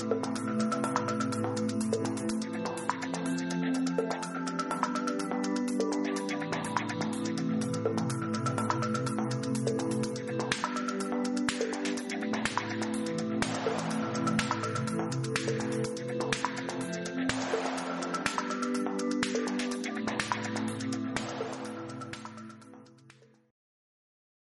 you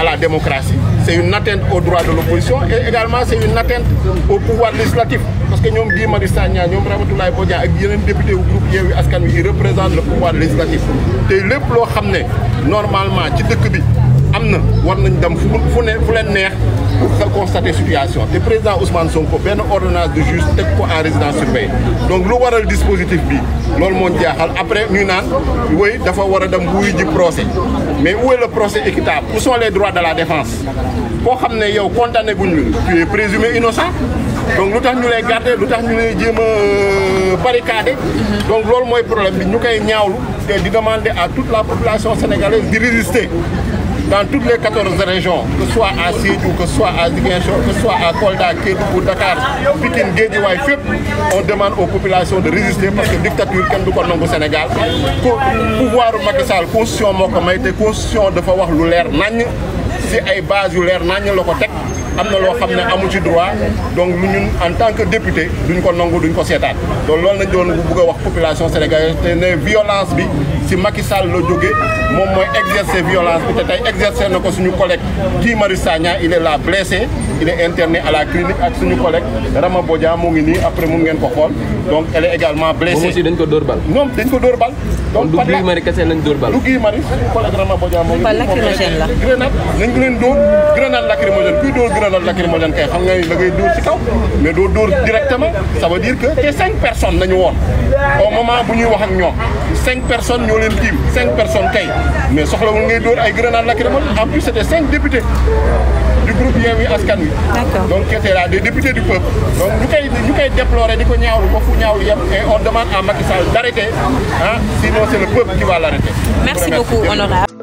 à la démocratie, c'est une atteinte aux droits de l'opposition et également c'est une atteinte au pouvoir législatif. Parce que nous sommes Marissa Nia, nous sommes que députés au groupe représentent le pouvoir législatif. Et le plan normalement, qui am na war nañ dem fu fu neex pour constater situation Le président Ousmane Sonko une ordonnance de Justice, teg en résidence surveillée donc lu le dispositif bi dispositif mo après ñuy naan wéy dafa wara dem procès mais où est le procès équitable où sont les droits de la défense ko xam yow condamné guñ tu es présumé innocent donc nous ñu lay garder lutax ñu lay jema a euh, donc moy problème bi ñukay ñaawlu te di demander à toute la population sénégalaise de résister dans toutes les 14 régions, que ce soit à ou que ce soit à Ziguinchor, que ce soit à Kolda, ou Dakar, Pikine, Guédiouaï, FIP, on demande aux populations de résister parce que la dictature kenn du ko au Sénégal pouvoir Macky Sall constitution moo ko conscient de constitution dafa wax lu leer si ay base yu leer naññ la ko teg am na loo ci droit donc nous, en tant que député duñ ko nangu duñ ko seetaat donc loolu nañ doon bu bëgg wax population sénégalaise la violence bi si Macky Sall le jóge moom exercer violence peut-être exercer na Guy Marius il est là blessé il est interné à la clinique ak suñu collègue Rama Bodia moo ngi après mun ngeen ko donc elle est également blessée. moom aussi dañ ko dorbal non ñoom ko donc par la kon du Guy d'orbal. kese lañ dóor bal. Guy Marius suñu collègue Rama Bodia moo lacrymogène la grenade nañ grenade lacrymogène kuy dor grenade lacrymogène kay xam nga ci mais doo directement ça veut dire que c'est cinq personnes au moment où nous wax ak cinq personnes leen cinq personnes kay mais soxlawul ngay de ay grenades en plus c'était cinq députés du groupe Yewwi Askan Wi. donc qui là des députés du peuple. donc ñu koy ñu koy déplorer di ko ñaawlu ko fu ñaawlu et on demande à Macky Sall d'arrêter ah sinon c'est le peuple qui va l'arrêter. merci beaucoup honorable.